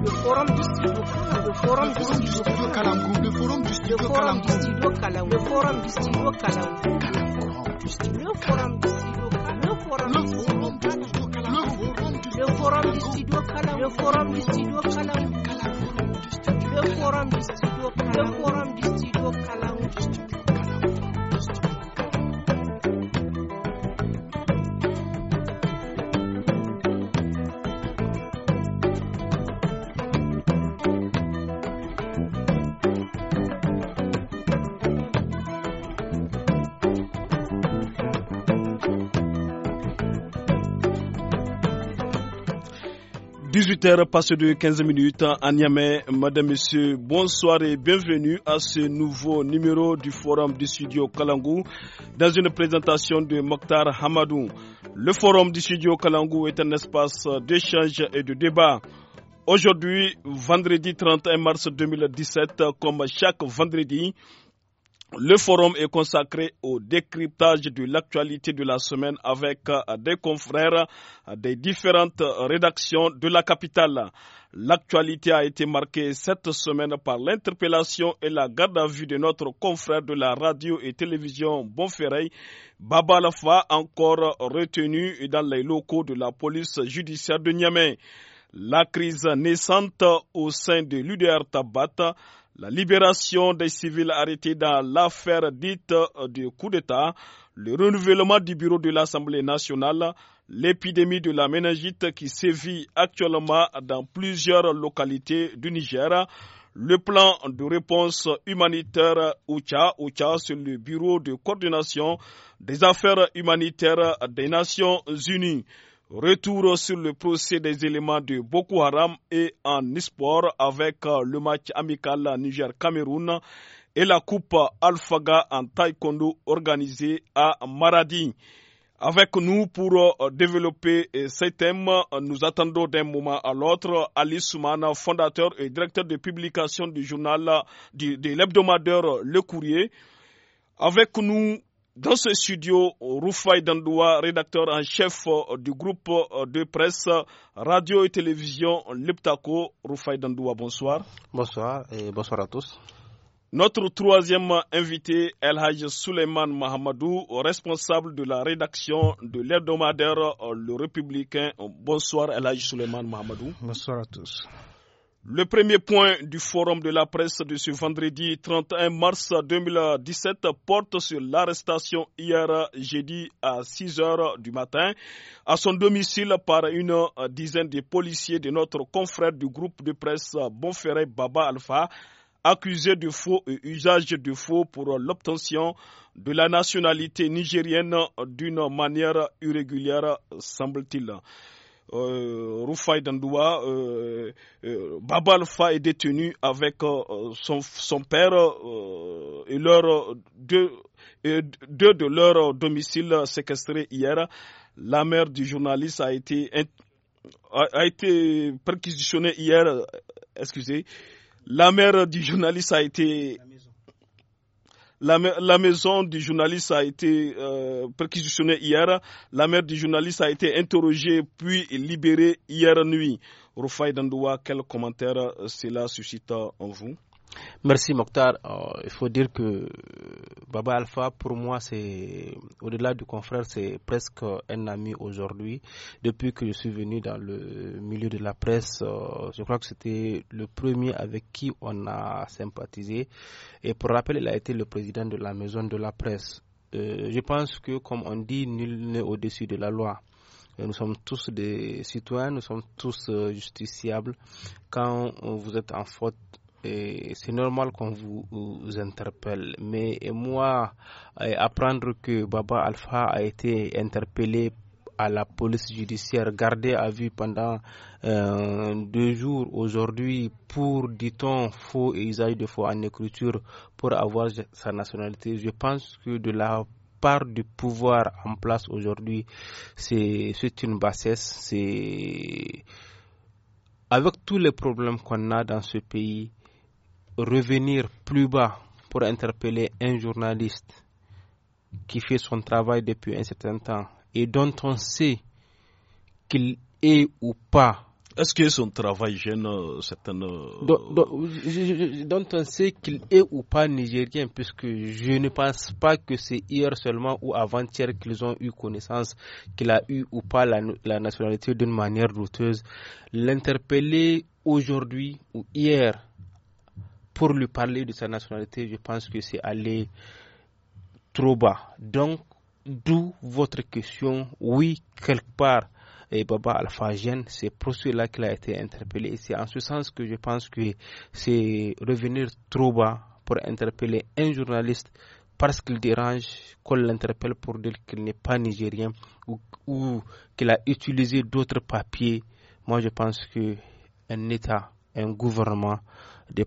le forum the studio le forum the studio Kalamgou forum the studio Kalamgou forum the studio Kalamgou forum the studio Kalamgou forum the studio Kalamgou forum the studio Kalamgou forum the forum the forum 18h passé de 15 minutes à Niamey. Madame, Monsieur, bonsoir et bienvenue à ce nouveau numéro du Forum du Studio Kalangou dans une présentation de Mokhtar Hamadou. Le Forum du Studio Kalangou est un espace d'échange et de débat. Aujourd'hui, vendredi 31 mars 2017, comme chaque vendredi, le forum est consacré au décryptage de l'actualité de la semaine avec euh, des confrères euh, des différentes rédactions de la capitale. L'actualité a été marquée cette semaine par l'interpellation et la garde à vue de notre confrère de la radio et télévision Bonferrey, Baba Lafa, encore retenu dans les locaux de la police judiciaire de Niamey. La crise naissante au sein de l'UDR Tabata la libération des civils arrêtés dans l'affaire dite euh, du coup d'État, le renouvellement du bureau de l'Assemblée nationale, l'épidémie de la méningite qui sévit actuellement dans plusieurs localités du Niger, le plan de réponse humanitaire OUCHA OCHA sur le bureau de coordination des affaires humanitaires des Nations Unies. Retour sur le procès des éléments de Boko Haram et en espoir avec euh, le match amical Niger-Cameroun et la Coupe Alpha-Ga en taekwondo organisée à Maradi. Avec nous pour euh, développer euh, ces thèmes, nous attendons d'un moment à l'autre Ali Soumana, fondateur et directeur de publication du journal de l'hebdomadaire Le Courrier. Avec nous dans ce studio, Roufaï Dandoua, rédacteur en chef euh, du groupe euh, de presse Radio et Télévision Leptaco. Roufaï Dandoua, bonsoir. Bonsoir et bonsoir à tous. Notre troisième invité, El Haj Suleiman Mahamadou, responsable de la rédaction de l'hebdomadaire euh, Le Républicain. Bonsoir El Haj Suleiman Mahamadou. Bonsoir à tous. Le premier point du forum de la presse de ce vendredi 31 mars 2017 porte sur l'arrestation hier jeudi à 6 heures du matin à son domicile par une dizaine de policiers de notre confrère du groupe de presse Bonferré Baba Alpha accusé de faux usage de faux pour l'obtention de la nationalité nigérienne d'une manière irrégulière, semble-t-il euh, Rufai Dandoua, euh, euh est détenu avec euh, son, père euh, et leur deux, deux de leur domicile séquestrés hier. La mère du journaliste a été, a été perquisitionnée hier, excusez. La mère du journaliste a été la, maison du journaliste a été euh, perquisitionnée hier. La mère du journaliste a été interrogée puis libérée hier nuit. Rufai Dandoua, quel commentaire euh, cela suscita en vous Merci Mokhtar. Euh, il faut dire que euh, Baba Alpha, pour moi, c'est au-delà du confrère, c'est presque un ami aujourd'hui. Depuis que je suis venu dans le milieu de la presse, euh, je crois que c'était le premier avec qui on a sympathisé. Et pour rappel, il a été le président de la maison de la presse. je pense que, comme on dit, nul n'est au-dessus de la loi. Nous sommes tous des citoyens, nous sommes tous justiciables. Quand vous êtes en faute, c'est normal qu'on vous, interpelle. Mais moi, euh, apprendre que Baba Alpha a été interpellé à la police judiciaire, gardé à vue pendant euh, deux jours aujourd'hui pour, dit-on, faux et usage de faux en écriture pour avoir sa nationalité. Je pense que de la part du pouvoir en place aujourd'hui, c'est une bassesse. C'est avec tous les problèmes qu'on a dans ce pays, revenir plus bas pour interpeller un journaliste qui fait son travail depuis un certain temps et dont on sait qu'il est ou pas. Est-ce que son travail gêne euh, certaines. Euh, dont, on sait qu'il est ou pas nigérien, puisque je ne pense pas que c'est hier seulement ou avant-hier qu'ils ont eu connaissance qu'il a eu ou pas la nationalité d'une manière douteuse. L'interpeller aujourd'hui ou hier pour lui parler de sa nationalité, je pense que c'est aller trop bas. Donc, d'où votre question. Oui, quelque part, et eh, Baba Alpha c'est pour cela qu'il a été interpellé. C'est en ce sens que je pense que c'est revenir trop bas pour interpeller un journaliste parce qu'il dérange, qu'on l'interpelle pour dire qu'il n'est pas nigérien ou, ou qu'il a utilisé d'autres papiers. Moi, je pense que un État, un gouvernement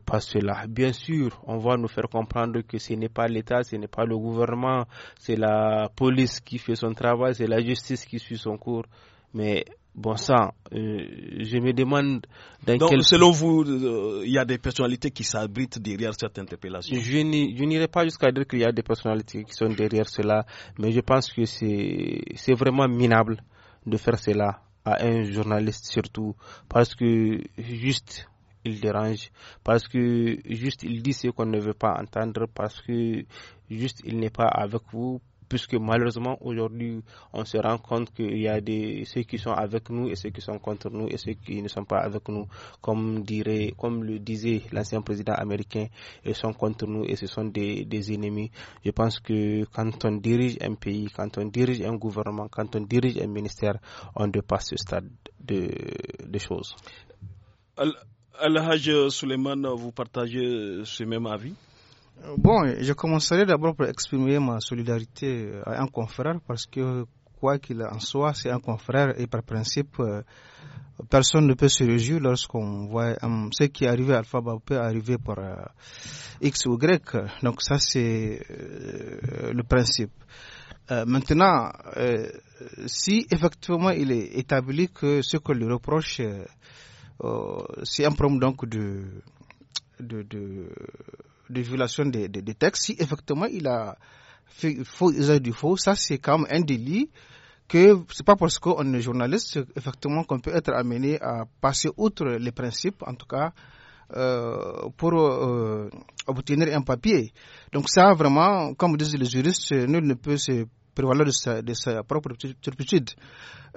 passer cela. Bien sûr, on va nous faire comprendre que ce n'est pas l'État, ce n'est pas le gouvernement, c'est la police qui fait son travail, c'est la justice qui suit son cours. Mais bon sang, euh, je me demande Donc, selon vous, euh, il y a des personnalités qui s'abritent derrière cette interpellation Je n'irai pas jusqu'à dire qu'il y a des personnalités qui sont derrière cela, mais je pense que c'est vraiment minable de faire cela à un journaliste surtout, parce que juste il dérange, parce que juste il dit ce qu'on ne veut pas entendre, parce que juste il n'est pas avec vous, puisque malheureusement aujourd'hui on se rend compte qu'il y a des ceux qui sont avec nous et ceux qui sont contre nous et ceux qui ne sont pas avec nous comme dirait comme le disait l'ancien président américain ils sont contre nous et ce sont des, des, ennemis je pense que quand on dirige un pays quand on dirige un gouvernement quand on dirige un ministère on dépasse ce stade de, de choses Al-Hajj Suleiman, vous partagez ce même avis euh, Bon, je commencerai d'abord par exprimer ma solidarité euh, à un confrère parce que, quoi qu'il en soit, c'est un confrère et par principe, euh, personne ne peut se réjouir lorsqu'on voit hum, ce qui est arrivé à Alpha peut arriver par X ou Y. Donc, ça, c'est le principe. maintenant, si effectivement il est établi que ce que lui reproche, c'est euh, un problème donc de, de, de, de violation des, des, des, textes. Si effectivement il a fait faux usage du faux, ça c'est quand même un délit que c'est pas parce qu'on est journaliste effectivement qu'on peut être amené à passer outre les principes, en tout cas euh, pour euh, obtenir un papier. Donc ça, vraiment, comme disent les juristes, nul ne peut se prévaloir de sa, propre turpitude.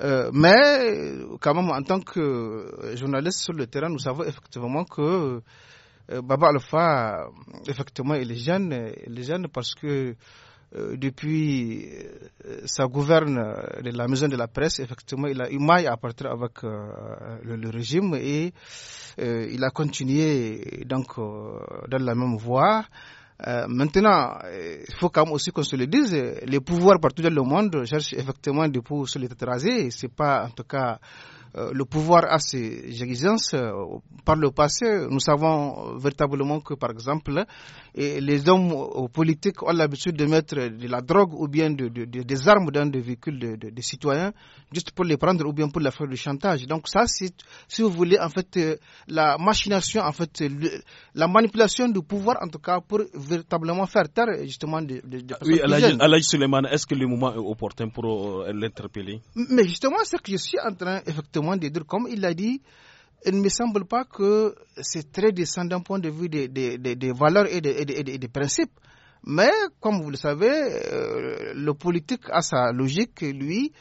Euh, mais, quand même, en tant que euh, journaliste sur le terrain, nous savons effectivement que euh, Baba Alpha, effectivement, il est jeune, est parce que depuis sa gouverne de la maison de la presse, effectivement, il a eu maille à partir avec le, le, régime et il a continué donc dans la même voie. Euh, maintenant, il faut quand même aussi qu'on se le dise, les pouvoirs partout dans le monde cherchent effectivement des pouvoir sur les têtes C'est pas, en tout cas, euh, le pouvoir à ses exigences. Euh, par le passé, nous savons euh, véritablement que, par exemple, les hommes politiques ont l'habitude de mettre de la drogue ou bien des armes dans des véhicules des citoyens, juste pour les prendre ou bien pour la faire du chantage. Donc ça, c'est, si vous voulez, en fait, la machination, en fait, la manipulation du pouvoir, en tout cas, pour véritablement faire taire justement des, de, Oui, Alaï Suleiman, est-ce que le moment est opportun pour l'interpeller Mais justement, c'est que je suis en train, effectivement, de dire, comme il l'a dit, il ne me semble pas que c'est très descendant d'un point de vue des, des, des, valeurs et des, principes. Mais, comme vous le savez, euh, le politique a sa logique, lui,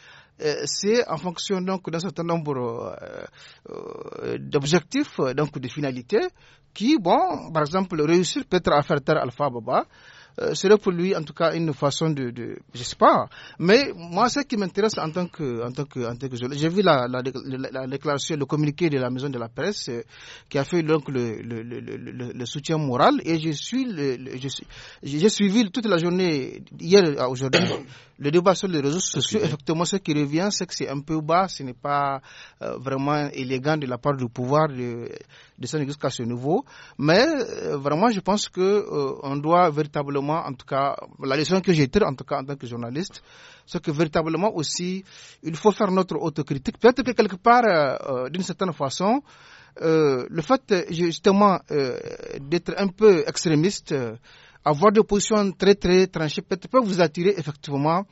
euh, c'est en fonction d'un certain nombre euh, d'objectifs, donc de finalités, qui, bon, par exemple, réussir peut-être à faire taire Alpha Baba, euh, serait pour lui en tout cas une façon de, de je sais pas. Mais moi, ce qui m'intéresse en tant que en tant que en tant que j'ai vu la, la, déclaration, le communiqué de la maison de la presse euh, qui a fait donc le, le, le, soutien moral et je suis j'ai suivi toute la journée hier à aujourd'hui le débat sur les réseaux sociaux. Effectivement, ce qui revient, c'est que c'est un peu bas, ce n'est pas euh, vraiment élégant de la part du pouvoir de, de s'en jusqu'à ce niveau. Mais vraiment, je pense que on doit véritablement en tout cas, la leçon que j'ai tirée, en tout cas, en tant que journaliste, c'est que véritablement aussi, il faut faire notre autocritique. Peut-être que quelque part, euh, euh, d'une certaine façon, euh, le fait justement d'être un peu extrémiste, avoir des positions très très tranchées, peut-être peut vous attirer effectivement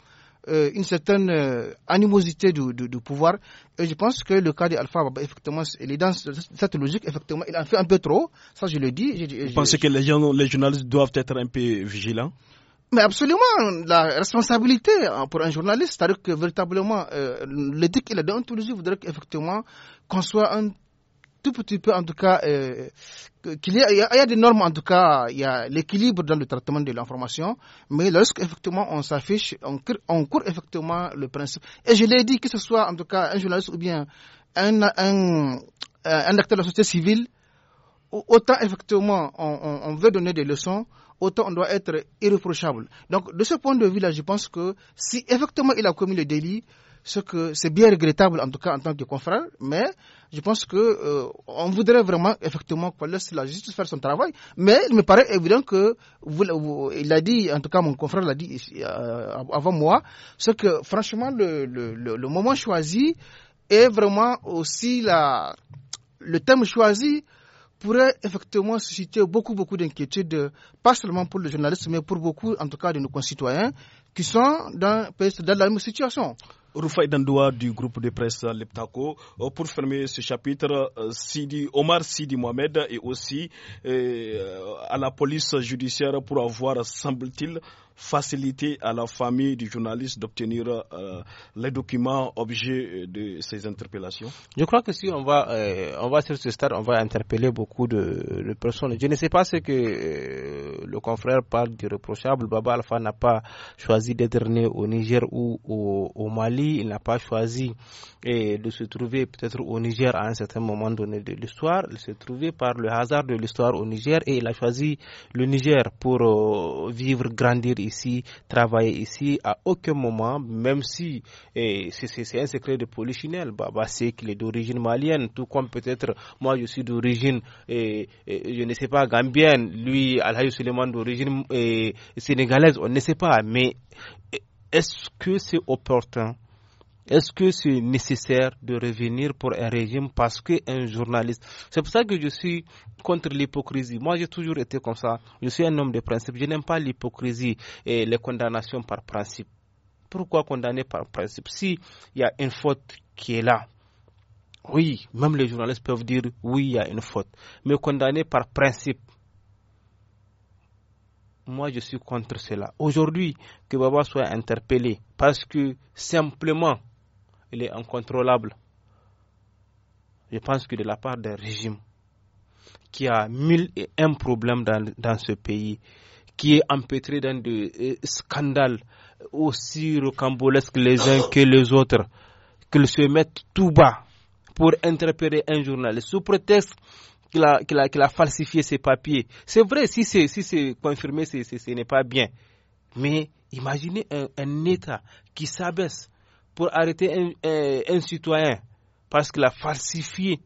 euh, une certaine euh, animosité du, pouvoir. Et je pense que le cas d'Alpha Baba, effectivement, il est dans cette logique, effectivement, il en fait un peu trop. Ça, je le dis. Vous que les, journalistes doivent être un peu vigilants mais absolument, la responsabilité hein, pour un journaliste, c'est-à-dire que véritablement, euh, l'éthique et la déontologie voudraient qu'effectivement, qu'on soit un tout petit peu, en tout cas, euh, qu'il y, a des normes, en tout cas, il y a l'équilibre dans le traitement de l'information, mais lorsque, effectivement, on s'affiche, on, court effectivement le principe. Et je l'ai dit, que ce soit, en tout cas, un journaliste ou bien un, euh, acteur de la société civile, autant, effectivement, on veut donner des leçons, autant on doit être irréprochable. Donc, de ce point de vue-là, je pense que si effectivement il a commis le délit, ce que c'est bien regrettable en tout cas en tant que confrère, mais je pense que euh, on voudrait vraiment effectivement qu'on laisse la justice faire son travail. Mais il me paraît évident que vous, il a dit, en tout cas mon confrère l'a dit euh, avant moi, ce que franchement le, moment choisi est vraiment aussi la le thème choisi pourrait effectivement susciter beaucoup, beaucoup d'inquiétudes, pas seulement pour le journaliste mais pour beaucoup, en tout cas, de nos concitoyens qui sont dans la même situation. Rufai Dandoua du groupe de presse Leptaco. Euh, pour fermer ce chapitre, euh, Sidi, Omar Sidi Mohamed et aussi euh, à la police judiciaire pour avoir, semble-t-il, faciliter à la famille du journaliste d'obtenir euh, les documents objets euh, de ces interpellations Je crois que si on va, euh, on va sur ce stade, on va interpeller beaucoup de, personnes. Je ne sais pas ce que le confrère parle du reprochable. Baba Alpha n'a pas choisi d'être né au Niger ou au, Mali. Il n'a pas choisi de se trouver peut-être au Niger à un certain moment donné de l'histoire. Il s'est trouvé par le hasard de l'histoire au Niger et il a choisi le Niger pour vivre, grandir ici, travailler ici, à aucun moment, même si eh, c'est un secret de polichinelle, Baba sait qu'il est d'origine malienne, tout comme peut-être moi je suis d'origine, eh, eh, je ne sais pas, gambienne, lui, Alhaï Suleiman d'origine sénégalaise, on ne sait pas, mais est-ce que c'est opportun est-ce que c'est nécessaire de revenir pour un régime parce qu'un journaliste... C'est pour ça que je suis contre l'hypocrisie. Moi, j'ai toujours été comme ça. Je suis un homme de principe. Je n'aime pas l'hypocrisie et les condamnations par principe. Pourquoi condamner par principe S'il y a une faute qui est là, oui, même les journalistes peuvent dire oui, il y a une faute. Mais condamner par principe, moi je suis contre cela. Aujourd'hui, que Baba soit interpellé parce que simplement il est incontrôlable. Je pense que de la part d'un régime qui a mille et un problèmes dans, ce pays, qui est empêtré dans des euh, scandales aussi rocambolesques les uns que les autres, qu'il se mette tout bas pour interpeller un journal sous prétexte qu'il a, falsifié ses papiers. C'est vrai, si c'est si confirmé, ce n'est pas bien. Mais imaginez un État qui s'abaisse pour arrêter un, citoyen parce qu'il a falsifié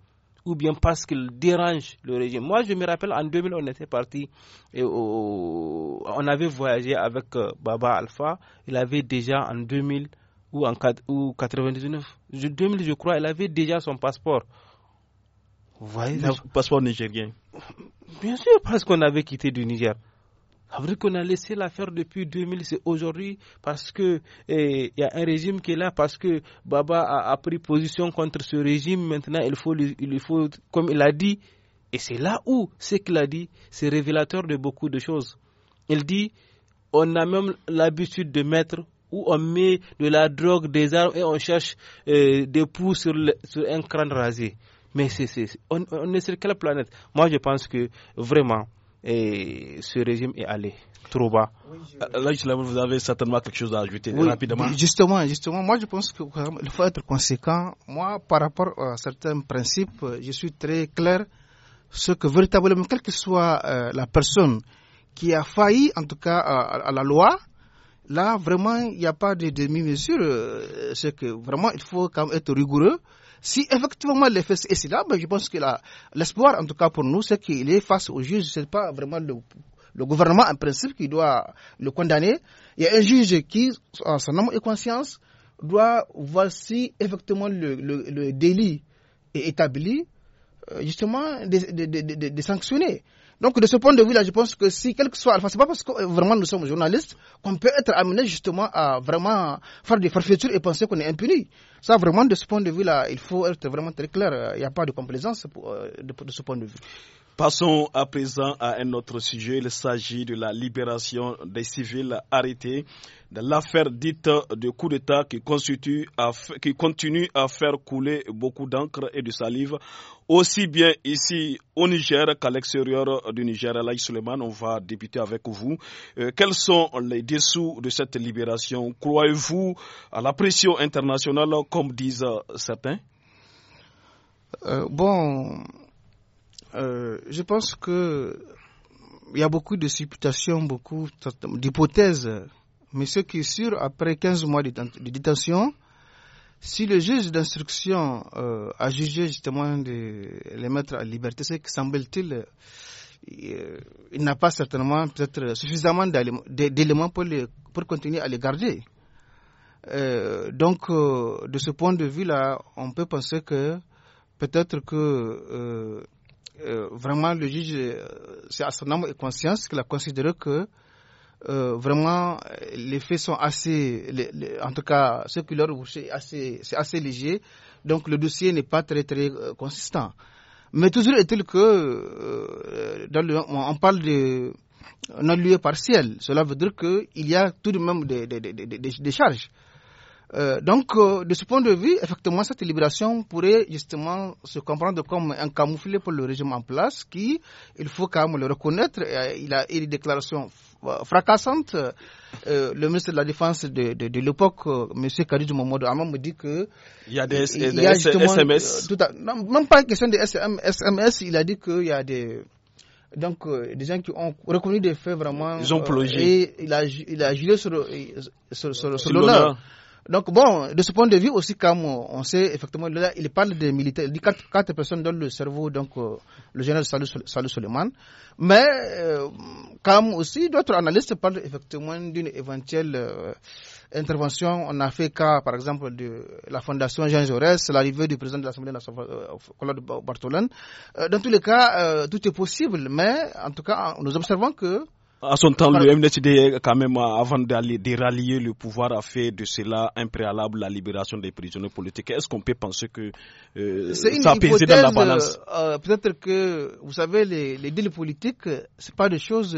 ou bien parce qu'il dérange le régime. Moi, je me rappelle, en 2000, on était parti, et on avait voyagé avec euh, Baba Alpha. Il avait déjà en 2000 ou en ou 99, je, 2000, je crois, il avait déjà son passeport. Vous voyez, passeport nigérien. Bien sûr, parce qu'on avait quitté du Niger. Après qu'on a laissé l'affaire depuis 2000, c'est aujourd'hui parce que eh, il y a un régime qui est là, parce que Baba a, pris position contre ce régime. Maintenant, il faut, il faut comme il a dit, et c'est là où ce qu'il a dit, c'est révélateur de beaucoup de choses. Il dit, on a même l'habitude de mettre où on met de la drogue, des armes et on cherche eh, des poux sur, un crâne rasé. Mais c'est, on, est sur quelle planète Moi, je pense que vraiment, et ce régime est allé trop bas. vous avez certainement quelque chose à ajouter rapidement. Justement, justement, moi je pense qu'il faut être conséquent. Moi, par rapport à certains principes, je suis très clair. Ce que véritablement, quelle que soit euh, la personne qui a failli, en tout cas, à, la loi, là, vraiment, il n'y a pas de demi-mesure. Euh, ce que vraiment, il faut quand même être rigoureux. Si effectivement l'effet est là, ben, je pense que l'espoir, en tout cas pour nous, c'est qu'il est face au juge. Ce n'est pas vraiment le, gouvernement en principe qui doit le condamner. Il y a un juge qui, en son nom et conscience, doit voir si effectivement le, délit est établi, euh, justement, de sanctionner. Donc, de ce point de vue-là, je pense que si, quel que soit, enfin, c'est pas parce que euh, vraiment nous sommes journalistes qu'on peut être amené justement à vraiment faire des forfaitures et penser qu'on est impuni. Ça, vraiment, de ce point de vue-là, il faut être vraiment très clair. Il n'y a pas de complaisance euh, de, de ce point de vue. Passons à présent à un autre sujet. Il s'agit de la libération des civils arrêtés de l'affaire dite de coup d'État qui, constitue qui, continue à faire couler beaucoup d'encre et de salive, aussi bien ici au Niger qu'à l'extérieur du Niger. Alaï Suleiman, on va débuter avec vous. Euh, quels sont les dessous de cette libération Croyez-vous à la pression internationale, comme disent certains euh, Bon, euh, je pense que il y a beaucoup de supputations, beaucoup d'hypothèses mais ce qui est sûr, après 15 mois de, détention, si le juge d'instruction euh, a jugé justement de les mettre à liberté, c'est que semble-t-il, euh, il, n'a pas certainement peut-être suffisamment d'éléments pour, pour continuer à les garder. Euh, donc, de ce point de vue-là, on peut penser que peut-être que vraiment le juge, c'est à son âme et conscience qu'il a considéré que euh, vraiment, les faits sont assez, en tout cas, ce qui leur c'est assez, c'est assez léger. Donc, le dossier n'est pas très, très euh, consistant. Mais toujours est-il que, euh, dans le, on parle de non-lieu partiel. Cela veut dire qu'il y a tout de même des, des, des, des charges. donc, de ce point de vue, effectivement, cette libération pourrait justement se comprendre comme un camouflet pour le régime en place qui, il faut quand même le reconnaître, il a eu des déclarations fracassante. Euh, le ministre de la Défense de, de, l'époque, euh, M. Kadidou Momodo Amam, me dit que. Il y a des, SMS. même pas une question de SMS, il a dit qu'il y a des. Donc, euh, des gens qui ont reconnu des faits vraiment. Ils ont plongé. et il a, il a sur, sur, sur, sur l'honneur. Donc bon, de ce point de vue aussi, comme on sait effectivement, il parle des militaires, il dit quatre, personnes dans le cerveau, donc euh, le général Salou, Salou Mais comme euh, aussi, d'autres analystes parlent effectivement d'une éventuelle euh, intervention. On a fait cas, par exemple, de la fondation Jean Jaurès, l'arrivée du président de l'Assemblée nationale, Claude Bartolone. dans tous les cas, tout est possible, mais en tout cas, nous observons que à son temps, le MNCD, quand même, euh, avant d'aller rallier le pouvoir, a fait de cela un préalable la libération des prisonniers politiques. Est-ce qu'on peut penser que euh, ça a dans la balance euh, Peut-être que, vous savez, les, les délits politiques, ce pas des choses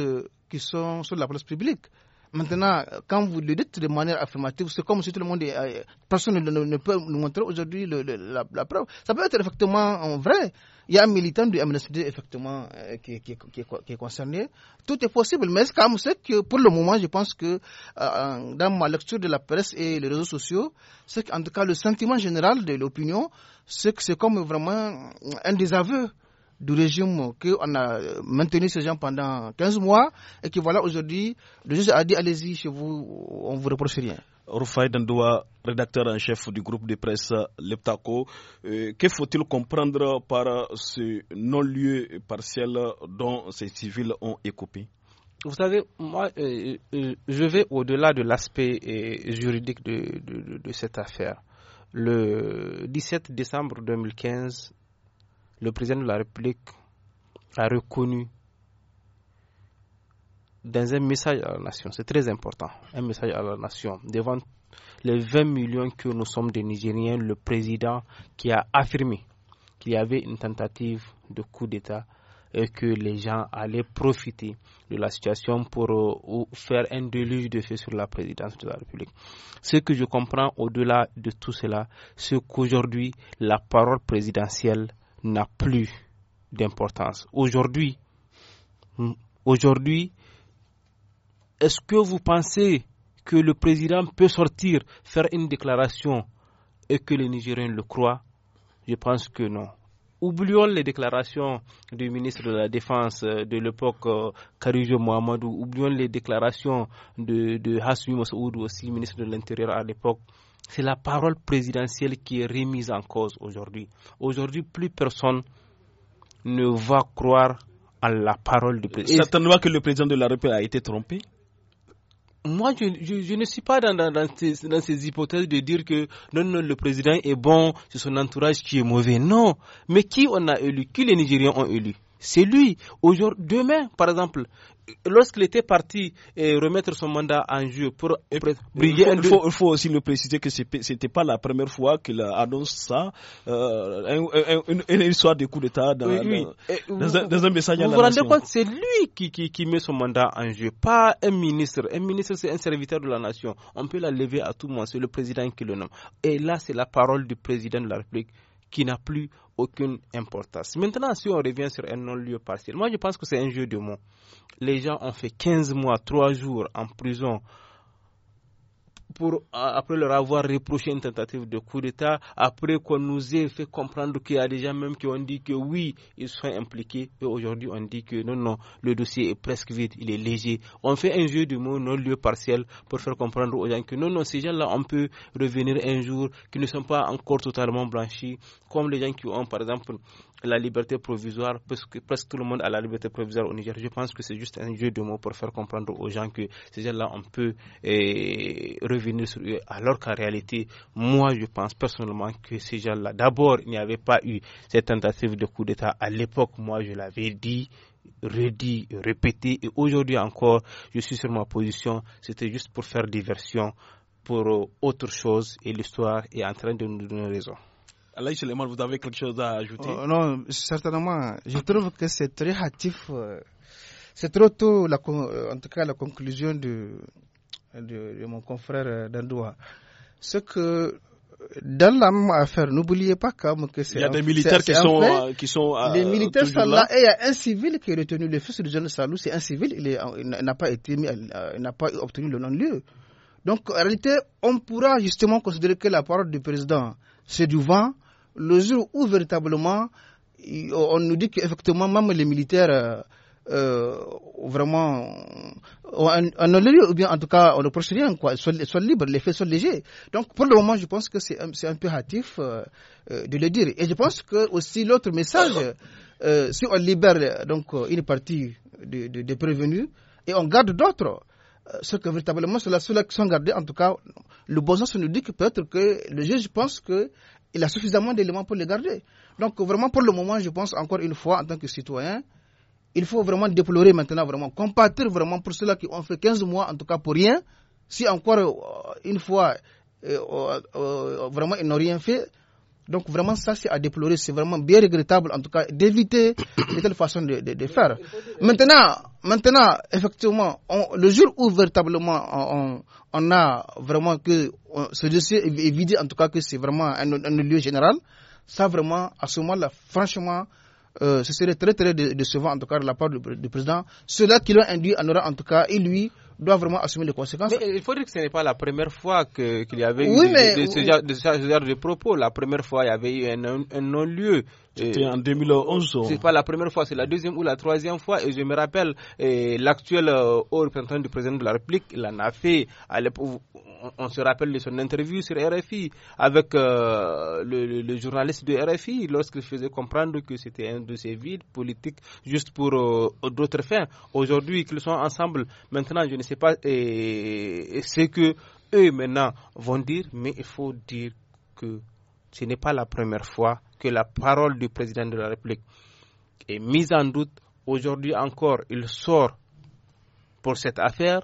qui sont sur la place publique. Maintenant, quand vous le dites de manière affirmative, c'est comme si tout le monde, euh, personne ne, peut nous montrer aujourd'hui la, preuve. Ça peut être effectivement vrai. Il y a un militant du MNSD effectivement euh, qui, est concerné. Tout est possible, mais comme c'est que pour le moment, je pense que euh, dans ma lecture de la presse et les réseaux sociaux, c'est qu'en tout cas le sentiment général de l'opinion, c'est que c'est comme vraiment un désaveu du régime qu'on a maintenu ces gens pendant 15 mois et qui voilà aujourd'hui, le juge a dit allez-y chez vous, on ne vous reproche rien. Rufai Dandoua, rédacteur en chef du groupe de presse Leptaco. Euh, que faut-il comprendre par ce non-lieu partiel dont ces civils ont écopé Vous savez, moi, euh, euh, je vais au-delà de l'aspect juridique de, cette affaire. Le 17 décembre 2015, le président de la République a reconnu dans un message à la nation, c'est très important, un message à la nation, devant les 20 millions que nous sommes des Nigériens, le président qui a affirmé qu'il y avait une tentative de coup d'État et que les gens allaient profiter de la situation pour euh, faire un déluge de fait sur la présidence de la République. Ce que je comprends au-delà de tout cela, c'est qu'aujourd'hui, la parole présidentielle n'a plus d'importance. Aujourd'hui, hmm, aujourd'hui, est-ce que vous pensez que le président peut sortir, faire une déclaration et que les Nigériens le croient Je pense que non. Oublions les déclarations du ministre de la Défense euh, de l'époque, euh, Karijo Mohamedou. Oublions les déclarations de, de Hasmi aussi ministre de l'Intérieur à l'époque c'est la parole présidentielle qui est remise en cause aujourd'hui. Aujourd'hui, plus personne ne va croire à la parole du président. Certainement que le président de la République a été trompé moi, je, ne suis pas dans, ces, hypothèses de dire que non, le président est bon, c'est son entourage qui est mauvais. Non. Mais qui on a élu Qui les Nigériens ont élu c'est lui. Aujourd'hui, demain, par exemple, lorsqu'il était parti euh, remettre son mandat en jeu pour briller il faut, un aussi le préciser que ce n'était pas la première fois qu'il annonce ça, euh, une, histoire de coup d'État dans, un message à la Vous rendez c'est lui qui, qui, met son mandat en jeu, pas un ministre. Un ministre, c'est un serviteur de la nation. On peut la lever à tout moment, c'est le président qui le nomme. Et là, c'est la parole du président de la République qui n'a plus aucune importance. Maintenant, si on revient sur un non-lieu partiel, moi je pense que c'est un jeu de mots. Les gens ont fait 15 mois, 3 jours en prison pour, après leur avoir reproché une tentative de coup d'État, après qu'on nous ait fait comprendre qu'il y a des gens même qui ont dit que oui, ils sont impliqués, et aujourd'hui on dit que non, non, le dossier est presque vide, il est léger. On fait un jeu de mots non lieu partiel pour faire comprendre aux gens que non, non, ces gens-là, on peut revenir un jour, qui ne sont pas encore totalement blanchis, comme les gens qui ont, par exemple, la liberté provisoire, parce que presque tout le monde a la liberté provisoire au Niger. Je pense que c'est juste un jeu de mots pour faire comprendre aux gens que ces gens-là, on peut revenir eh, sur alors qu'en réalité, moi, je pense personnellement que ces gens-là, d'abord, il n'y avait pas eu cette tentative de coup d'État. À l'époque, moi, je l'avais dit, redit, répété, et aujourd'hui encore, je suis sur ma position. C'était juste pour faire diversion, pour euh, autre chose, et l'histoire est en train de nous donner raison. Alain Suleiman, vous avez quelque chose à ajouter oh, Non, certainement. Je trouve que c'est très hâtif. Euh, c'est trop tôt, la, euh, en tout cas, la conclusion de, de, mon confrère euh, d'Andoua, Ce que dans la affaire, n'oubliez pas quand que c'est. Il y a des militaires euh, qui, sont, qui euh, Les militaires sont et il y a un civil qui est retenu. Le fils de jeune Salou, c'est un civil, il n'a pas, été, n'a pas obtenu le non-lieu. Donc en réalité, on pourra justement considérer que la parole du président, c'est du vent, le jour où véritablement, on nous dit qu'effectivement, même les militaires euh, vraiment, on, on ou bien en tout cas, on ne proche rien, quoi. Soit, libre, les faits sont légers. Donc, pour le moment, je pense que c'est impératif euh, euh, de le dire. Et je pense que aussi l'autre message, si on libère donc une partie des de, prévenus et on garde d'autres, ce que véritablement cela ceux qui sont gardés, en tout cas, le bon sens nous dit que peut-être que le juge pense qu'il a suffisamment d'éléments pour les garder. Donc vraiment pour le moment, je pense encore une fois en tant que citoyen, il faut vraiment déplorer maintenant, vraiment compatir vraiment pour ceux-là qui ont fait 15 mois, en tout cas pour rien. Si encore euh, une fois, euh, euh, vraiment, ils n'ont rien fait. Donc vraiment, ça, c'est à déplorer. C'est vraiment bien regrettable, en tout cas, d'éviter de telle façon de, faire. Maintenant, maintenant, effectivement, le jour où véritablement on, a vraiment que ce dossier est en tout cas, que c'est vraiment un lieu général, ça vraiment, à ce moment-là, franchement, euh, ce serait très très décevant en tout cas de la part du, président. cela qui l'a induit en aura en tout cas, et lui doit vraiment assumer les conséquences. Mais il faudrait que ce n'est pas la première fois qu'il y avait eu de, ce genre, de, propos. La première fois, il y avait eu un non-lieu. C'était en 2011. C'est pas la première fois, c'est la deuxième ou la troisième fois. Et je me rappelle, l'actuel euh, haut représentant du président de la République, il en a fait. on, se rappelle de son interview sur RFI avec euh, le, journaliste de RFI lorsqu'il faisait comprendre que c'était un de vide, politique politiques juste pour euh, d'autres fins. Aujourd'hui, qu'ils sont ensemble, maintenant, je ne sais pas ce que eux maintenant vont dire, mais il faut dire que ce n'est pas la première fois que la parole du président de la République est mise en doute. Aujourd'hui encore, il sort pour cette affaire.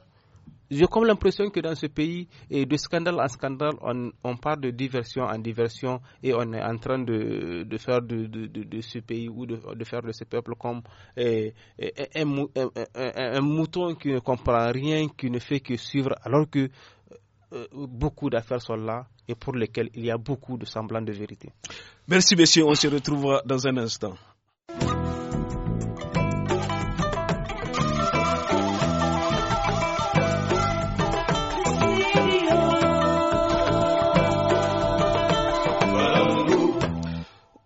J'ai comme l'impression que dans ce pays, et de scandale en scandale, on, on parle de diversion en diversion et on est en train de, faire de, ce pays ou de, faire de ce peuple comme eh, eh, eh, un, mouton qui ne comprend rien, qui ne fait que suivre, alors que euh, beaucoup d'affaires sont là et pour lesquels il y a beaucoup de semblants de vérité. Merci, messieurs. On se retrouve dans un instant.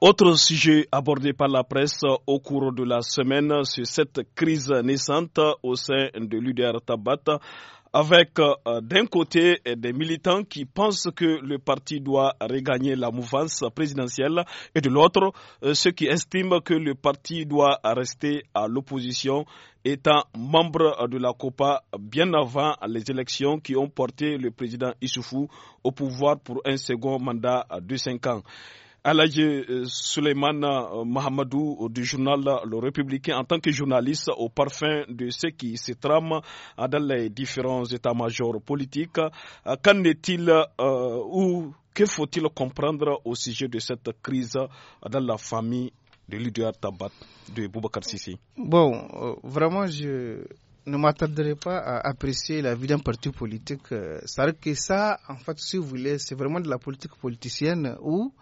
Autre sujet abordé par la presse au cours de la semaine, sur cette crise naissante au sein de l'UDR Tabata, avec euh, d'un côté euh, des militants qui pensent que le parti doit regagner la mouvance présidentielle et de l'autre euh, ceux qui estiment que le parti doit rester à l'opposition étant membre de la COPA bien avant les élections qui ont porté le président Issoufou au pouvoir pour un second mandat de cinq ans. Alagé euh, Suleymane euh, Mahamadou euh, du journal Le Républicain en tant que journaliste au parfum de ce qui se trame dans les différents états-majors politiques. Qu'en est-il ou que faut-il comprendre au sujet de cette crise dans la famille de l'Udéa Tabat de Boubacar Sissi Bon, vraiment, je ne m'attendrai pas à apprécier la vie d'un parti politique. cest que ça, en fait, si vous voulez, c'est vraiment de la politique politicienne où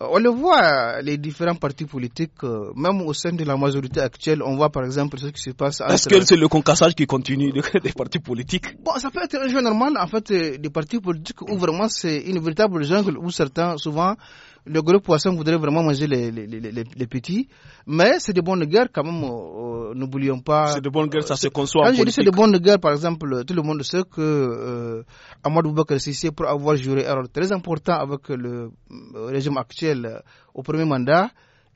euh, on le voit, euh, les différents partis politiques, euh, même au sein de la majorité actuelle, on voit par exemple ce qui se passe. Est-ce que c'est le concassage qui continue des partis politiques Bon, ça peut être un jeu normal en fait des partis politiques où vraiment c'est une véritable jungle où certains souvent le gros poisson voudrait vraiment manger les, les, les, les petits. Mais c'est de bonnes guerres quand même, euh, ne voulions pas. C'est de bonnes guerres, ça euh, se conçoit. Quand je dis c'est de bonnes guerres, par exemple, tout le monde sait que Boubacar euh, Sissé, pour avoir juré un rôle très important avec le régime actuel au premier mandat,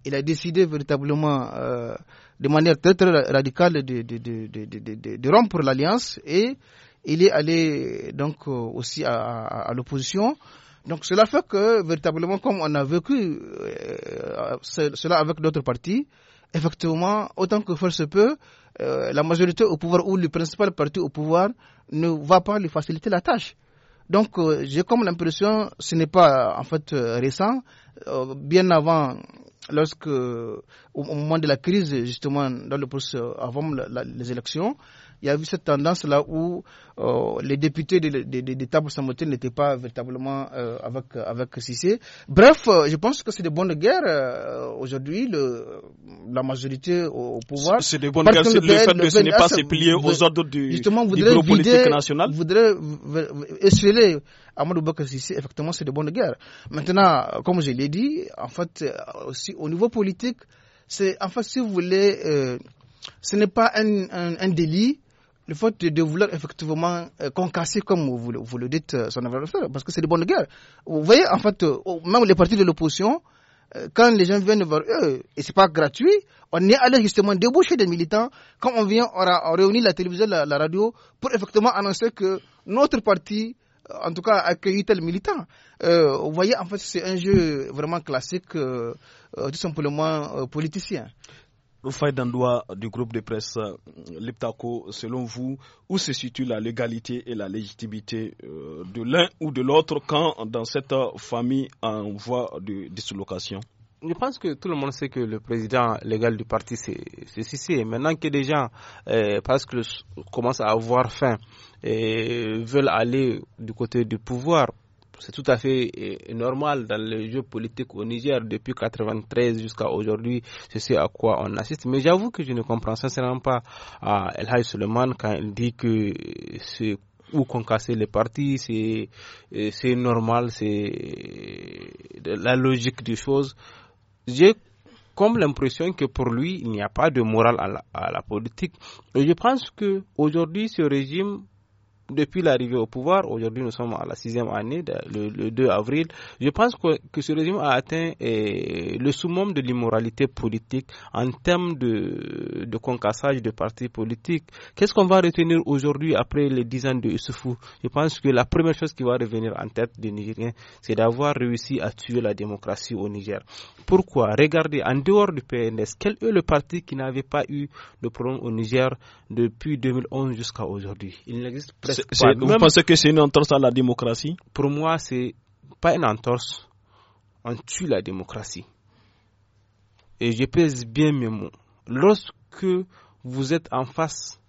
il a décidé véritablement de manière très très radicale de, de, de, de rompre l'alliance et il est allé donc aussi à l'opposition. Donc cela fait que, véritablement, comme on a vécu euh, cela avec d'autres partis, effectivement, autant que faire se peut, euh, la majorité au pouvoir ou le principal parti au pouvoir ne va pas lui faciliter la tâche. Donc euh, j'ai comme l'impression, ce n'est pas en fait récent, bien avant lorsque au, moment de la crise justement dans le avant les élections, il y a eu cette tendance-là où euh, les députés de, de, de, de n'étaient pas véritablement euh, avec, avec Cissé. Bref, euh, je pense que c'est des bonnes guerres. Aujourd'hui, la majorité au, pouvoir. C'est des bonnes guerres, c'est le, fait de ce n'est pas se plier aux ordres du, justement, du groupe politique national. voudrait essuyer Amadou Bakar Cissé. effectivement, c'est de bonnes guerres. Maintenant, comme je l'ai dit, en fait, aussi, au niveau politique, c'est, en fait, si vous voulez, ce n'est pas un, un, délit, le fait de, vouloir effectivement euh, concasser, comme vous, le dites, euh, son adversaire, parce que c'est de bonne guerre. Vous voyez, en fait, euh, même les partis de l'opposition, quand les gens viennent voir eux, et c'est pas gratuit, on est allé justement déboucher des militants. Quand on vient, on, a, la télévision, la, radio, pour effectivement annoncer que notre parti, en tout cas, accueille tel militant. vous voyez, en fait, c'est un jeu vraiment classique, tout simplement politicien d'un doigt du groupe de presse euh, Liptako, selon vous, où se situe la légalité et la légitimité euh, de l'un ou de l'autre quand dans cette famille en voie de dislocation je pense que tout le monde sait que le président légal du parti, c'est Sissi. Maintenant que des gens, euh, parce que commencent à avoir faim, et veulent aller du côté du pouvoir c'est tout à fait eh, normal dans le jeu politique au Niger depuis 93 jusqu'à aujourd'hui. C'est à quoi on assiste. Mais j'avoue que je ne comprends sincèrement pas El Haï Suleiman quand il dit que c'est ou concasser les partis, c'est eh, normal, c'est la logique des choses. J'ai comme l'impression que pour lui, il n'y a pas de morale à la, à la politique. Et je pense que aujourd'hui, ce régime depuis l'arrivée au pouvoir, aujourd'hui nous sommes à la sixième année, le, 2 avril, je pense que, ce régime a atteint eh, le summum de l'immoralité politique en termes de, concassage de partis politiques. Qu'est-ce qu'on va retenir aujourd'hui après les dix ans de Youssoufou Je pense que la première chose qui va revenir en tête des Nigériens, c'est d'avoir réussi à tuer la démocratie au Niger. Pourquoi Regardez, en dehors du PNS, quel est le parti qui n'avait pas eu de problème au Niger depuis 2011 jusqu'à aujourd'hui Il n'existe vous pensez que c'est une entorse à la démocratie Pour moi, c'est pas une entorse. On tue la démocratie. Et je pèse bien mes mots. Lorsque vous êtes en face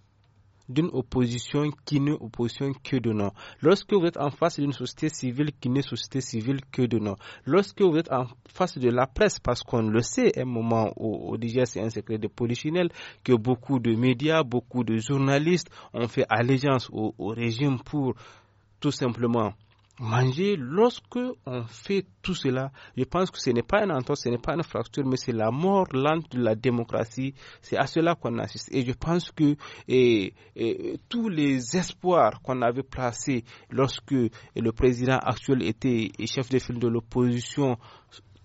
d'une opposition qui n'est opposition que de nom. Lorsque vous êtes en face d'une société civile qui n'est société civile que de nom. Lorsque vous êtes en face de la presse, parce qu'on le sait, un moment où, déjà c'est un secret de polichinelle, que beaucoup de médias, beaucoup de journalistes ont fait allégeance au régime pour tout simplement manger, lorsque on fait tout cela, je pense que ce n'est pas un entente, ce n'est pas une fracture, mais c'est la mort lente de la démocratie. C'est à cela qu'on assiste. Et je pense que et, tous les espoirs qu'on avait placés lorsque le président actuel était chef de file de l'opposition,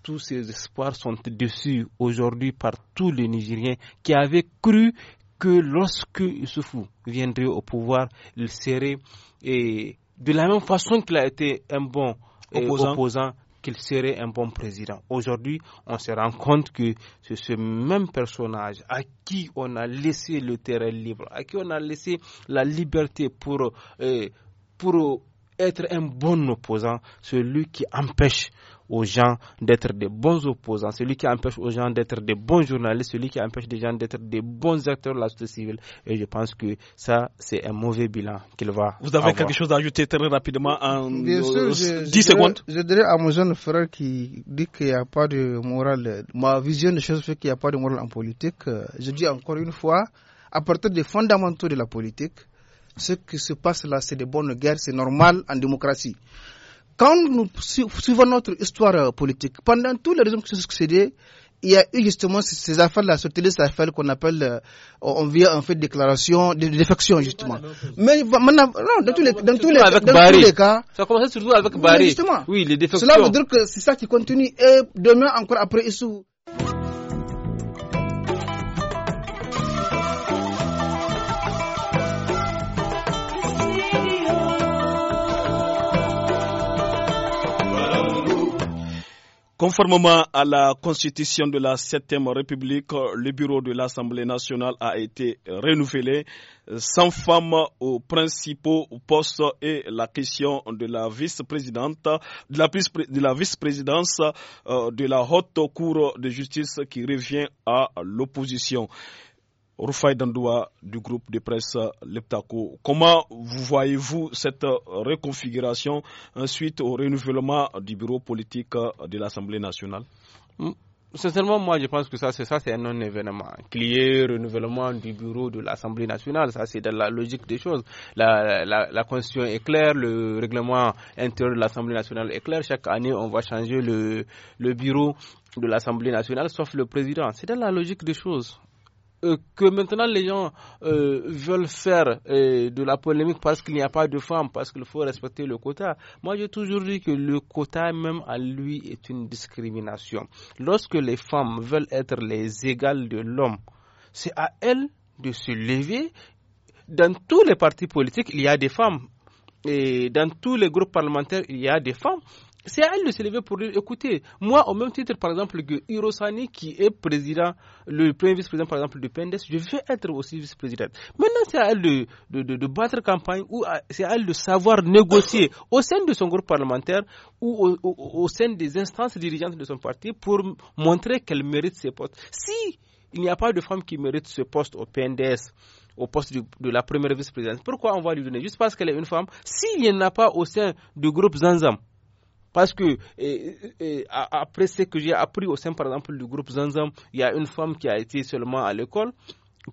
tous ces espoirs sont déçus aujourd'hui par tous les Nigériens qui avaient cru que lorsque Issoufou viendrait au pouvoir, il serait et de la même façon qu'il a été un bon euh, opposant, qu'il serait un bon président. Aujourd'hui, on se rend compte que c'est ce même personnage à qui on a laissé le terrain libre, à qui on a laissé la liberté pour euh, être un bon opposant, celui qui empêche aux gens d'être des bons opposants, celui qui empêche aux gens d'être des bons journalistes, celui qui empêche des gens d'être des bons acteurs de la société civile. Et je pense que ça, c'est un mauvais bilan qu'il va. Vous avez quelque chose à ajouter très rapidement en 10 euh, secondes Je dirais à mon jeune frère qui dit qu'il n'y a pas de morale, ma vision de choses fait qu'il n'y a pas de morale en politique. Euh, je dis encore une fois, à partir des fondamentaux de la politique, ce qui se passe là, c'est des bonnes guerres, c'est normal en démocratie quand nous suivons notre histoire euh, politique, pendant tous les raisons qui se succédaient, il y a eu justement ces affaires-là, ce ces affaires qu'on appelle, euh, on vient en fait déclaration de défection justement. Euh, Mais maintenant, non, dans tous les, dans tous les, cas. Ça a commencé surtout avec Barry. Justement. Oui, les défections. Cela veut dire que c'est ça qui continue et demain encore après Issou. Conformément à la constitution de la septième République, le bureau de l'Assemblée nationale a été renouvelé euh, sans femmes aux principaux postes et la question de la vice-présidente, de la vice-présidence euh, de la haute cour de justice qui revient à l'opposition. Rufai Dandoua du groupe de presse euh, Leptaco. Comment vous voyez-vous cette euh, reconfiguration suite au renouvellement du bureau politique euh, de l'Assemblée nationale hmm. Sincèrement, moi, je pense que ça, c'est ça, c'est un non-événement. Qu'il y ait renouvellement du bureau de l'Assemblée nationale, ça, c'est dans la logique des choses. La, Constitution est claire, le règlement intérieur de l'Assemblée nationale est clair. Chaque année, on va changer le, le bureau de l'Assemblée nationale, sauf le président. C'est dans la logique des choses. Euh, que maintenant les gens euh, veulent faire euh, de la polémique parce qu'il n'y a pas de femmes, parce qu'il faut respecter le quota. Moi, j'ai toujours dit que le quota même à lui est une discrimination. Lorsque les femmes veulent être les égales de l'homme, c'est à elles de se lever. Dans tous les partis politiques, il y a des femmes. Et dans tous les groupes parlementaires, il y a des femmes c'est à elle de s'élever pour dire écoutez, moi, au même titre, par exemple, que Hirosani, qui est président, le premier vice-président, par exemple, du PnDS, je veux être aussi vice président Maintenant, c'est à elle de, de, battre campagne ou c'est à elle de savoir négocier au sein de son groupe parlementaire ou au, au, sein des instances dirigeantes de son parti pour montrer qu'elle mérite ses postes. Si il n'y a pas de femme qui mérite ce poste au PNDS, au poste de la première vice-présidente, pourquoi on va lui donner Juste parce qu'elle est une femme. S'il n'y en a pas au sein du groupe Zanzam, parce que après ce que j'ai appris au sein, par exemple, du groupe Zanzam, il y a une femme qui a été seulement à l'école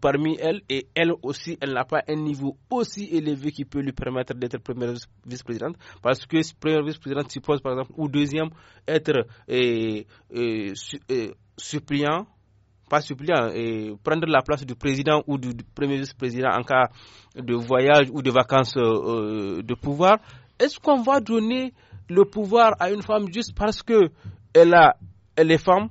parmi elle et elle aussi, elle n'a pas un niveau aussi élevé qui peut lui permettre d'être première vice-présidente parce que première vice-présidente suppose par exemple ou deuxième être suppliant pas suppliant, et prendre la place du président ou du, premier vice-président en cas de voyage ou de vacances euh, euh, de pouvoir, est-ce qu'on va donner le pouvoir à une femme juste parce que elle, est femme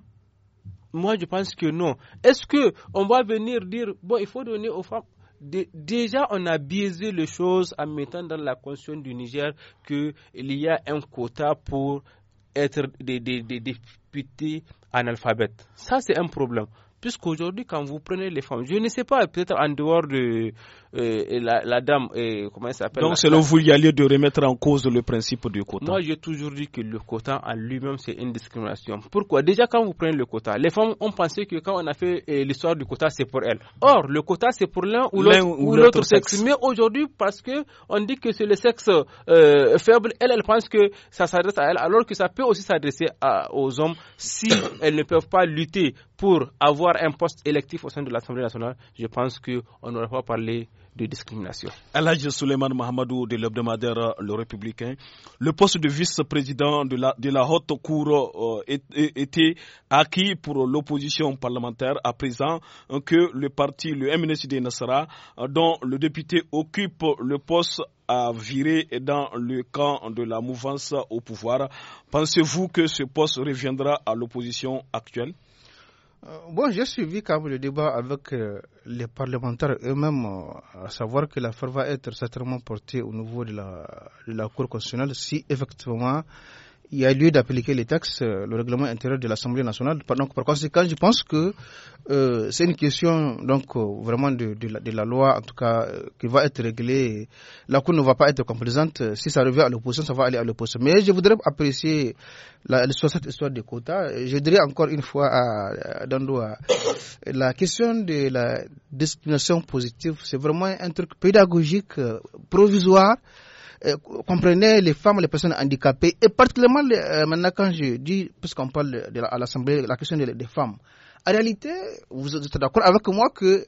Moi, je pense que non. Est-ce que on va venir dire bon, il faut donner aux femmes Déjà, on a biaisé les choses en mettant dans la Constitution du Niger qu'il y a un quota pour être des, des députés analphabètes. Ça, c'est un problème. Puisqu'aujourd'hui, quand vous prenez les femmes, je ne sais pas, peut-être en dehors de, euh, la, dame, euh, comment elle s'appelle Donc, selon vous, il y a lieu de remettre en cause le principe du quota. Moi, j'ai toujours dit que le quota en lui-même, c'est une discrimination. Pourquoi Déjà, quand vous prenez le quota, les femmes ont pensé que quand on a fait euh, l'histoire du quota, c'est pour elles. Or, le quota, c'est pour l'un ou l'autre sexe. sexe. Mais aujourd'hui, parce que on dit que c'est le sexe faible, elle, elle pense que ça s'adresse à elle, alors que ça peut aussi s'adresser aux hommes si elles ne peuvent pas lutter pour avoir un poste électif au sein de l'Assemblée nationale. Je pense qu'on n'aurait pas parlé de discrimination. Alaj Suleiman Mahamadou de l'Obdomadaire Le Républicain, le poste de vice-président de la, de la haute cour euh, était acquis pour l'opposition parlementaire à présent que le parti, le MNSD Nassara, euh, dont le député occupe le poste à virer dans le camp de la mouvance au pouvoir. Pensez-vous que ce poste reviendra à l'opposition actuelle Bon, euh, j'ai suivi quand même le débat avec euh, les parlementaires eux-mêmes, euh, à savoir que l'affaire va être certainement portée au niveau de la, de la Cour constitutionnelle si effectivement il y a lieu d'appliquer les textes, euh, le règlement intérieur de l'Assemblée nationale. Donc, par conséquent, je pense que euh, c'est une question donc euh, vraiment de, la, loi, en tout cas, euh, qui va être réglée. La Cour ne va pas être complaisante. Si ça revient à l'opposition, ça va aller à l'opposition. Mais je voudrais apprécier la, cette histoire des quotas. Je dirais encore une fois à, à la question de la discrimination positive, c'est vraiment un truc pédagogique, provisoire. Euh, comprenez les femmes, les personnes handicapées, et particulièrement euh, maintenant quand je dis, puisqu'on parle à l'Assemblée, la question des, femmes. En réalité, vous êtes d'accord avec moi que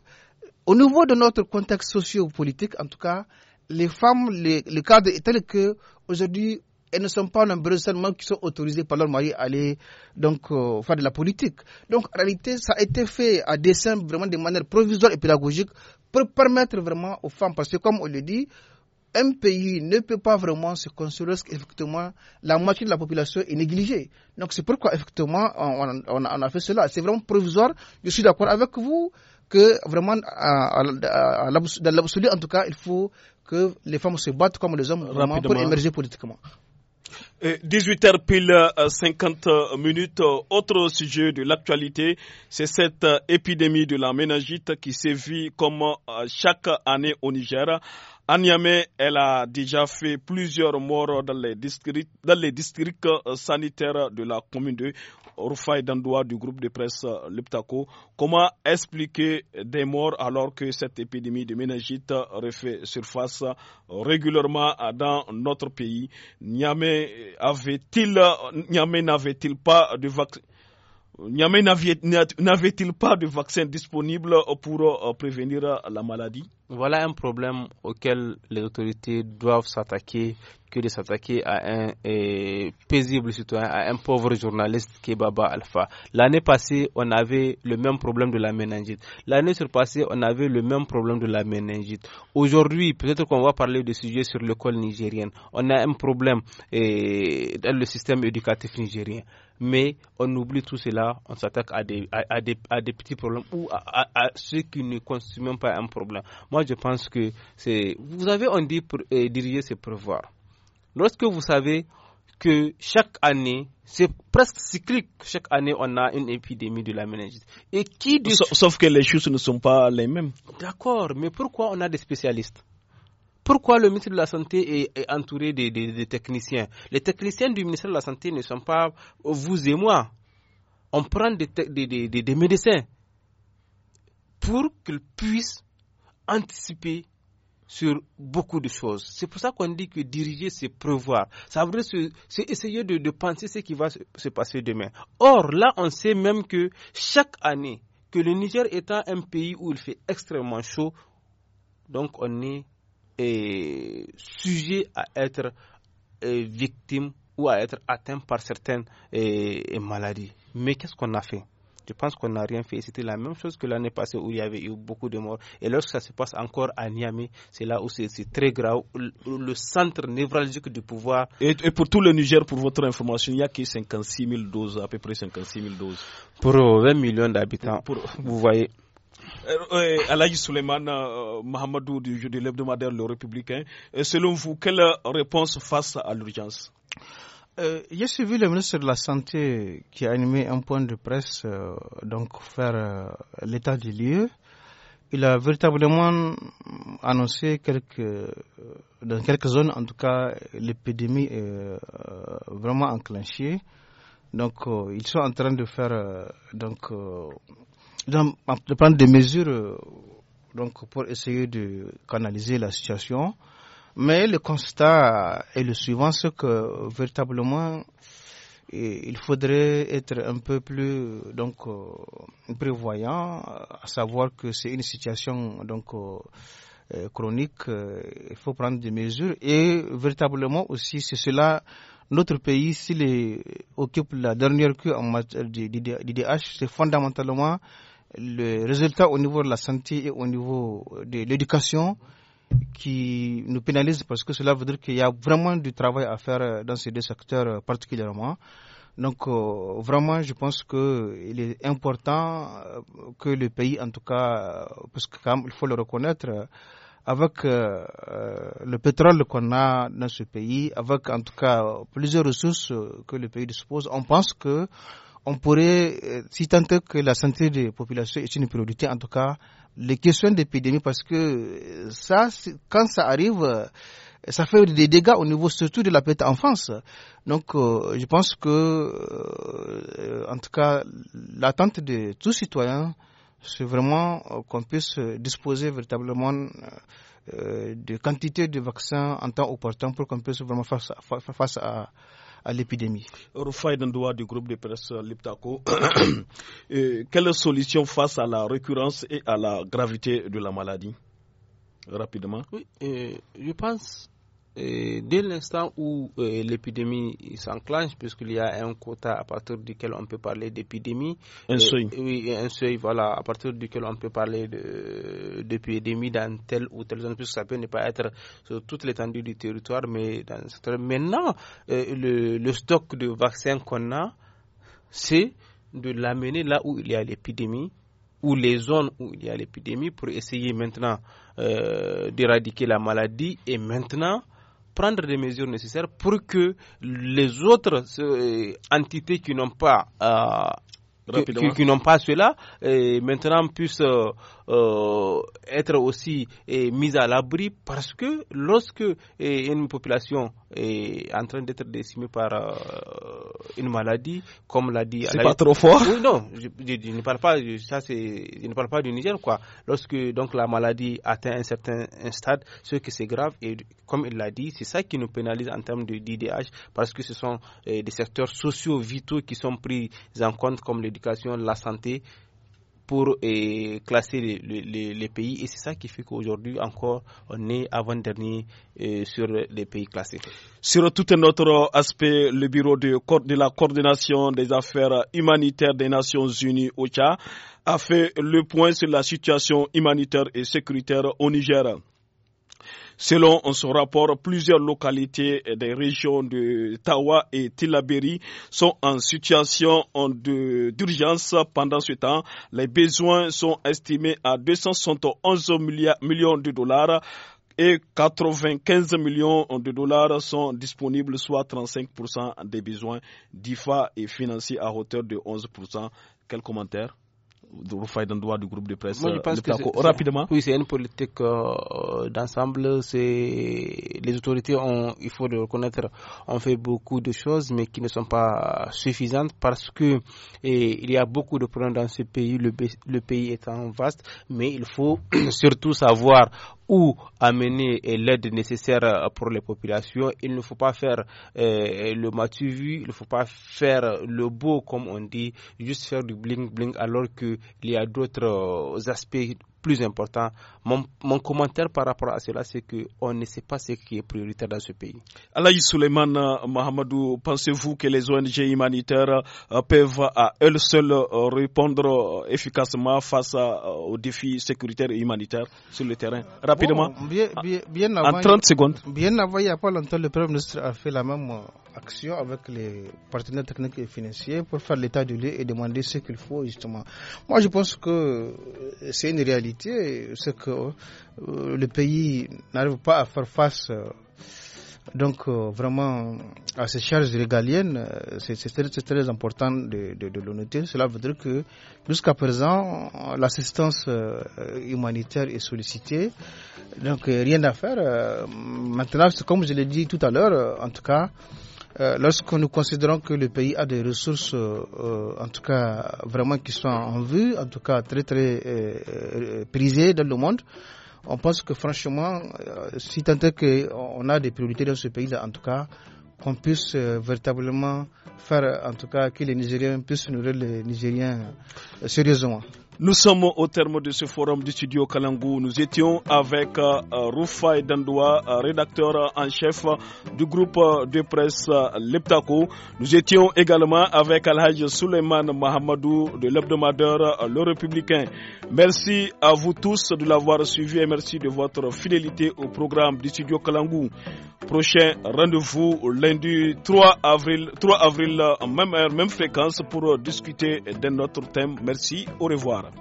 au niveau de notre contexte socio-politique, en tout cas, les femmes, le cadre est tel que aujourd'hui, elles ne sont pas nombreuses seulement qui sont autorisées par leur mari à aller donc euh, faire de la politique. Donc en réalité, ça a été fait à dessein vraiment de manière provisoire et pédagogique pour permettre vraiment aux femmes, parce que comme on le dit, un pays ne peut pas vraiment se construire effectivement la moitié de la population est négligée. Donc c'est pourquoi effectivement on, a fait cela. C'est vraiment provisoire. Je suis d'accord avec vous que vraiment dans l'absolu en tout cas il faut que les femmes se battent comme les hommes vraiment, pour émerger politiquement. 18h pile 50 euh, euh, minutes. Euh, autre sujet de l'actualité, c'est cette épidémie de la méningite qui sévit comme chaque année au Niger. À Niamey, elle a déjà fait plusieurs morts dans les districts, dans les districts euh, sanitaires de la commune de Rufai Dandoua du groupe de presse euh, Leptaco. Comment expliquer des morts alors que cette épidémie de méningite refait surface euh, régulièrement dans notre pays Niamey avait n'avait-il pas de vaccin n'avait-il pas de vaccin disponible pour euh, prévenir la maladie Voilà un problème auquel les autorités doivent s'attaquer, que de s'attaquer à un eh, paisible citoyen, à un pauvre journaliste qui Alpha. L'année passée, on avait le même problème de la méningite. L'année surpassée, on avait le même problème de la méningite. Aujourd'hui, peut-être qu'on va parler de sujets sur l'école nigérienne. On a un problème eh, dans le système éducatif nigérien mais on oublie tout cela, on s'attaque à des, à, des, à des, petits problèmes ou à, ceux qui ne constituent pas un problème. Moi, je pense que c'est. Vous avez, on dit, pour euh, diriger, c'est prévoir. Lorsque vous savez que chaque année, c'est presque cyclique, chaque année, on a une épidémie de la méningite. Et qui sauf que les choses ne sont pas les mêmes. D'accord, mais pourquoi on a des spécialistes pourquoi le ministre de la Santé est, entouré des de, techniciens Les techniciens du ministère de la Santé ne sont pas vous et moi. On prend des, médecins pour qu'ils puissent anticiper sur beaucoup de choses. C'est pour ça qu'on dit que diriger, c'est prévoir. Ça veut dire, essayer de, penser ce qui va se, se passer demain. Or, là, on sait même que chaque année, que le Niger étant un pays où il fait extrêmement chaud, donc on est est sujet à être euh, victime ou à être atteint par certaines euh, maladies. Mais qu'est-ce qu'on a fait je pense qu'on n'a rien fait. C'était la même chose que l'année passée où il y avait eu beaucoup de morts. Et lorsque ça se passe encore à Niamey, c'est là où c'est très grave. Le centre névralgique du pouvoir. Et, pour tout le Niger, pour votre information, il n'y a que 56 000 doses, à peu près 56 000 doses. Pour 20 millions d'habitants, vous voyez. Euh, Alaïs Alaï Suleiman euh, Mohamedou Mahamadou du de l'hebdomadaire Le Républicain, euh, selon vous, quelle réponse face à l'urgence euh, J'ai suivi le ministre de la Santé qui a animé un point de presse, donc faire l'état des lieux. Il a véritablement annoncé dans quelques zones, en tout cas, l'épidémie est vraiment enclenchée. Donc, ils sont en train de faire donc de prendre des mesures euh, donc, pour essayer de canaliser la situation. Mais le constat est le suivant, c'est que véritablement, il faudrait être un peu plus donc euh, prévoyant, à savoir que c'est une situation donc euh, chronique. Il faut prendre des mesures et véritablement aussi c'est cela. Notre pays, s'il occupe la dernière queue en matière d'IDH, c'est fondamentalement le résultat au niveau de la santé et au niveau de l'éducation qui nous pénalise parce que cela veut dire qu'il y a vraiment du travail à faire euh, dans ces deux secteurs euh, particulièrement. Donc euh, vraiment, je pense qu'il est important que le pays, en tout cas, parce que il faut le reconnaître, avec le pétrole qu'on a dans ce pays, avec en tout cas plusieurs ressources que le pays dispose, on pense que on pourrait, euh, si tant est que la santé des populations est une priorité, en tout cas, les questions d'épidémie, parce que euh, ça, quand ça arrive, euh, ça fait des dégâts au niveau surtout de la petite enfance. Donc, je pense que, en tout cas, l'attente de tous citoyens, c'est vraiment qu'on puisse disposer véritablement de quantité de vaccins en temps opportun pour qu'on puisse vraiment faire face à à l'épidémie. du groupe de presse Liptako, quelle solution face à la récurrence et à la gravité de la maladie Rapidement. Oui, je pense dès l'instant où euh, l'épidémie s'enclenche, puisqu'il y a un quota à partir duquel on peut parler d'épidémie. Un euh, seuil. oui, un seuil, voilà, à partir duquel on peut parler d'épidémie dans telle ou telle zone, puisque ça peut ne pas être sur toute l'étendue du territoire, mais dans Maintenant, euh, le, stock de vaccins qu'on a, c'est de l'amener là où il y a l'épidémie ou les zones où il y a l'épidémie pour essayer maintenant d'éradiquer la maladie et maintenant prendre les mesures nécessaires pour que les autres euh, entités qui n'ont pas euh, qui, n'ont pas cela euh, maintenant puissent euh, être aussi eh, mis mise à l'abri parce que lorsque eh, une population est en train d'être décimée par euh, une maladie, comme l'a dit. C'est pas trop fort. non, je, ne parle pas. ça, je ne parle pas du Niger, quoi. Lorsque donc la maladie atteint un certain stade, ce qui c'est grave et comme il l'a dit, c'est ça qui nous pénalise en termes de d'IDH parce que ce sont eh, des secteurs sociaux vitaux qui sont pris en compte comme l'éducation, la santé, pour euh, classer les, pays. Et c'est ça qui fait qu'aujourd'hui encore, on est avant-dernier euh, sur les pays classés. Sur tout un autre aspect, le bureau de, la coordination des affaires humanitaires des Nations Unies, OCHA, a fait le point sur la situation humanitaire et sécuritaire au Niger. Selon ce rapport, plusieurs localités des régions de Tawa et Tilaberi sont en situation d'urgence pendant ce temps. Les besoins sont estimés à 271 millions de dollars et 95 millions de dollars sont disponibles, soit 35% des besoins. DIFA et financé à hauteur de 11%. Quel commentaire du groupe de rapidement. Oui, c'est une politique euh, d'ensemble. C'est les autorités ont, il faut le reconnaître, ont fait beaucoup de choses, mais qui ne sont pas suffisantes parce que il y a beaucoup de problèmes dans ce pays. Le, le pays étant vaste, mais il faut surtout savoir ou amener euh, l'aide nécessaire euh, pour les populations. Il ne faut pas faire euh, le matu il ne faut pas faire le beau comme on dit, juste faire du bling bling alors qu'il y a d'autres aspects plus important. Mon, mon commentaire par rapport à cela, c'est qu'on ne sait pas ce qui est prioritaire dans ce pays. Alaï Souleymane, euh, Mahamadou, pensez-vous que les ONG humanitaires euh, peuvent à elles seules euh, répondre efficacement face aux défis sécuritaires et humanitaires sur le terrain Rapidement, en 30 secondes. Bien avant, il n'y a pas longtemps, le Premier ministre a fait la même action avec les partenaires techniques et financiers pour faire l'état du lieu et demander ce qu'il faut justement. Moi, je pense que euh, c'est une réalité, c'est que euh, le pays n'arrive pas à faire face. Euh, donc, vraiment, à ces charges régaliennes, c'est très, important de, le noter. Cela veut dire que jusqu'à présent, l'assistance humanitaire est sollicitée. Donc, rien à faire. Maintenant, comme je l'ai dit tout à l'heure, en tout cas, euh, lorsque nous considérons que le pays a des ressources, euh, en tout cas vraiment qui sont en vue, en tout cas très très euh, prisées dans le monde, on pense que franchement, si tant est qu'on a des priorités dans ce pays-là, en tout cas, qu'on puisse véritablement faire, en tout cas, que les Nigériens puissent nourrir les Nigériens sérieusement. Nous sommes au terme de ce forum du studio Kalangou. Nous étions avec euh, Rufa Dandoa, euh, rédacteur en chef du groupe de presse euh, Leptako. Nous étions également avec Alhaj Suleiman Mahamadou de l'hebdomadaire Le Républicain. Merci à vous tous de l'avoir suivi et merci de votre fidélité au programme du studio Kalangou. Prochain rendez-vous lundi 3 avril, 3 avril, euh, même heure, même fréquence pour discuter d'un autre thème. Merci, au revoir.